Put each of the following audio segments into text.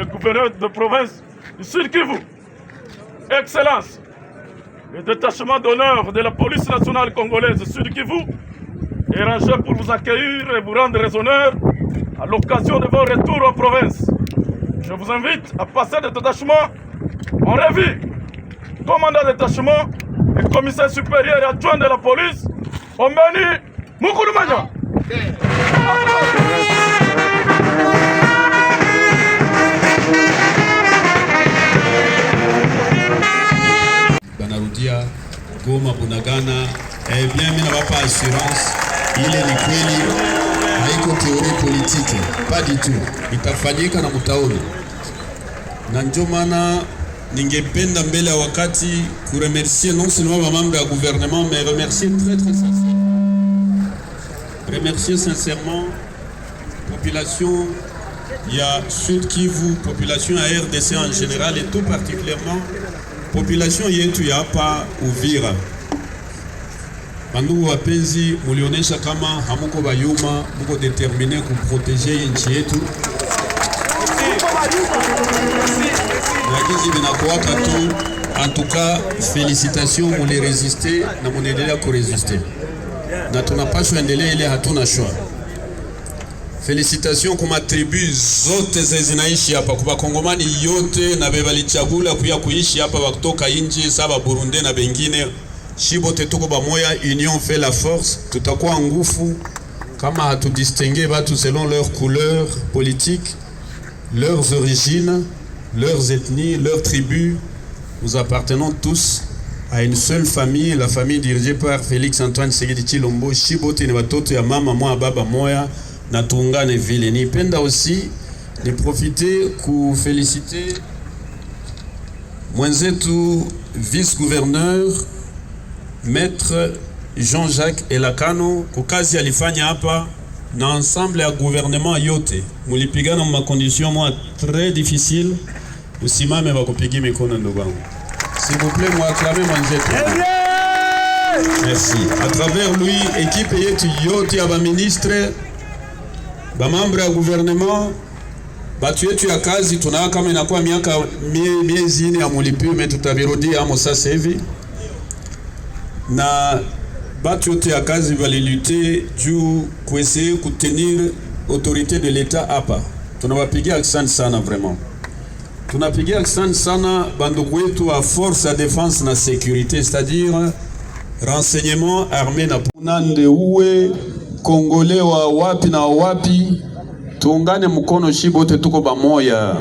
le gouverneur de province du Sud Kivu, Excellence, le détachement d'honneur de la police nationale congolaise du Sud Kivu est rangé pour vous accueillir et vous rendre les honneurs à l'occasion de vos retours en province. Je vous invite à passer le détachement en revue. Commandant détachement et commissaire supérieur et adjoint de la police, Omeni Mukulu Goma Bunagana. Eh bien, mimi nawapa assurance ile ni kweli, haiko teori politiki du tout. itafanyika na mutaona, na ndio maana ningependa mbele ya wakati remercier, non seulement membres du gouvernement mais remercier très très sincèrement, remercier sincèrement population ya Sud Kivu, population ya RDC en général et tout particulièrement population yetu pas hapa Uvira, bandugu wapenzi, kama hamuko bayuma, muko determine kuproteje nchi yetu, na jinsi vinakuwaka tu. En tout cas, Merci. Merci. na munaendelea Merci. na Merci. endelea ile, hatuna Félicitations qu'on tribu zote zinaishi hapa, kwa Kongomani yote na bevalichagula kuya kuishi hapa wakutoka inji saba Burundi na bengine shibote, tuko bamoya, union fait la force. Tutakuwa ngufu kama hatudistingue batu selon leur couleur politique, leurs origines, leurs ethnies, leurs tribus. Nous appartenons tous à une seule famille, la famille dirigée par Félix Antoine Tshisekedi Tshilombo. Shibote ni watoto ya mama moya baba moya na tuungane vile. Nipenda aussi pour féliciter mwenzetu vice-gouverneur Maître Jean-Jacques Elakano ku kazi alifanya hapa na ensemble ya gouvernement yote, mulipigana mu makondition mwa très difficile. Usimame bakupigi mikono ndugu wangu, s'il vous plaît, acclamer mwenzetu. Merci. À travers lui, équipe yetu yote ya ministre bamambre ya gouvernement batu yetu ya kazi tunaa kama inakuwa miaka mie, miezi ine ya mulipime tutabirudia amo sasa hivi, na batu yote ya kazi valilute juu kueseye kutenir autorité de l'etat hapa. Tunawapigia asante sana vraiment, tunapigia asante sana bandugu wetu wa force ya défense na sécurité c'est-à-dire renseignement armée na punande uwe kongolewa wapi na wapi, tuungane mkono shi bote, tuko bamoya.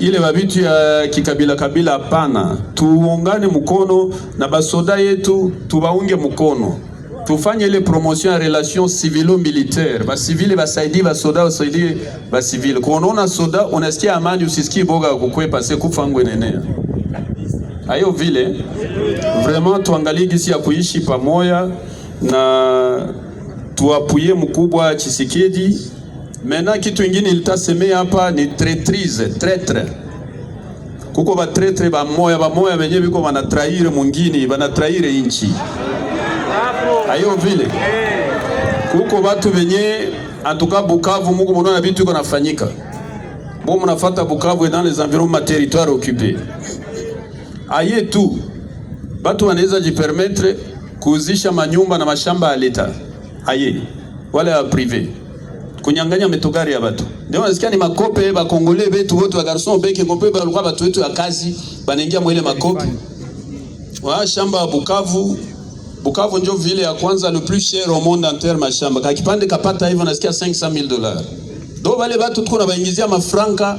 Ile babitu ya kikabila kabila, hapana. Tuungane mkono na basoda yetu, tubaunge mkono, tufanye ile promotion ya relation civilo militaire. Basivile basaidie basoda, basaidie basivile. Kwa unaona soda unasikia amani, usisikie boga kukwepa se kufa ngwe nenea ayo vile, vraiment tuangalie gisi ya kuishi pamoya na tuapuye mkubwa Chisekedi. Mena kitu ingine ilitasemea hapa ni traitrise, traitre kuko ba traitre ba moya ba moya benye biko bana traire mwingine bana inchi ayo vile kuko batu benye antuka Bukavu muko mnaona bitu iko bo mnafata Bukavu dans les environnements territoire occupé aye tu batu wanaweza jipermettre kuuzisha manyumba na mashamba ya leta aye wale wa prive kunyang'anya metogari ya batu ndio unasikia ni makope ba Kongole betu wote wa garson beke ngope ba lukwa batu wetu ya kazi banaingia mwele makope wa shamba ya Bukavu. Bukavu ndio vile ya kwanza le plus cher au monde en terme ya shamba, kakipande kapata hivyo nasikia 500000 dollars. Do wale batu tuko na baingizia mafranka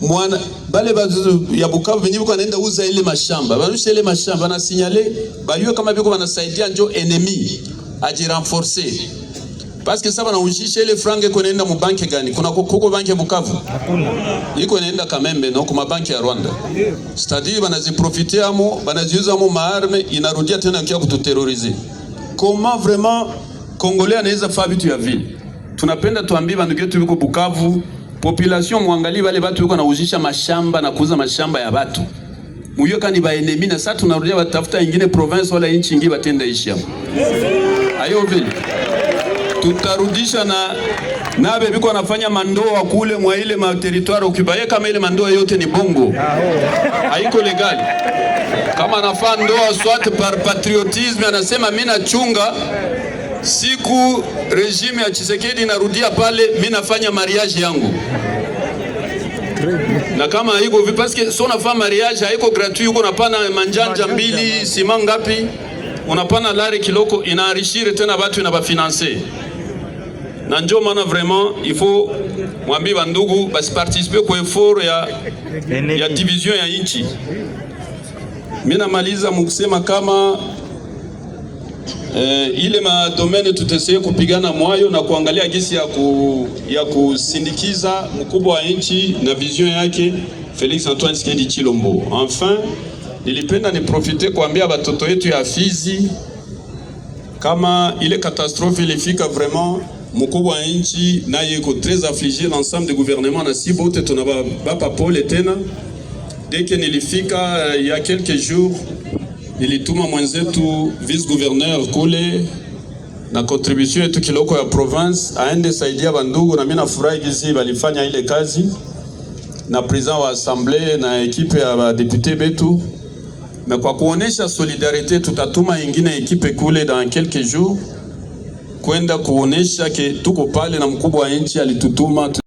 mwana bale bazu ya Bukavu benye biko anaenda uza ile mashamba barusha ile mashamba na signale bayue kama biko banasaidia njo enemy aji renforcer parce que saba naujisha ile frange iko naenda mu banki gani? Kuna koko banki ya Bukavu iko naenda kamembe na kuma banki ya Rwanda, c'est-à-dire banaziprofitia amo banaziuza mo maarme inarudia tena kia kututerroriser. Comment vraiment Congolais anaweza faa vitu ya vile? Tunapenda tuambie bandugu yetu biko Bukavu population mwangalie wale watu wako nauzisha mashamba na kuuza mashamba ya watu kani ba enemi na sasa tunarudia watafuta ingine province wala inchi ingi batenda ishi hapo ayo vile tutarudisha na nabe biko wanafanya mandoa kule mwa ile ma territoire ukibaye kama ile mandoa yote ni bongo haiko legali kama anafaa ndoa soit par patriotisme anasema mimi nachunga siku regime ya Chisekedi inarudia pale, mi nafanya mariage yangu na kama haiko vipi, paske so nafanya mariage haiko gratuit, uko napana manjanja mbili sima ngapi, unapana lari kiloko, inaarishire tena batu ina bafinance na njo maana vraiment il faut mwambie bandugu participer kwa effort ya, ya division ya inchi. Mimi namaliza mukusema kama e, ile madomene tutesie kupigana mwayo na kuangalia gisi ya, ku, ya kusindikiza mkubwa wa nchi na vision yake Felix Antoine Tshisekedi Tshilombo. Enfin, nilipenda niprofite kuambia batoto yetu ya Fizi kama ile katastrofe ilifika vraiment mkubwa wa nchi naye iko tres afflige l'ensemble de gouvernement na si bote tunabapa pole tena deke nilifika ya quelques jours nilituma mwenzetu vice gouverneur kule na contribution yetu kiloko ya province aende saidia bandugu, na mimi nafurahi jinsi balifanya ile kazi na president wa assemblée na ekipe ya député betu, na kwa kuonesha solidarite tutatuma ingine ekipe kule dans quelques jours kwenda kuonesha ke tuko pale, na mkubwa wa nchi alitutuma.